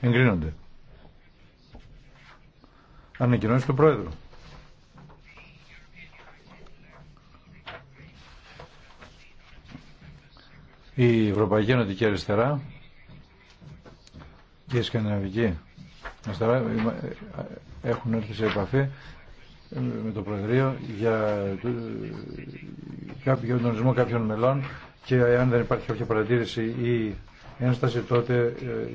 εγκρίνονται. Ανακοινώσει του Πρόεδρου. Η Ευρωπαϊκή Ενωτική Αριστερά και η Σκανδιναβική Αριστερά έχουν έρθει σε επαφή με το Προεδρείο για τον ορισμό κάποιων μελών και αν δεν υπάρχει κάποια παρατήρηση ή ένσταση τότε ε,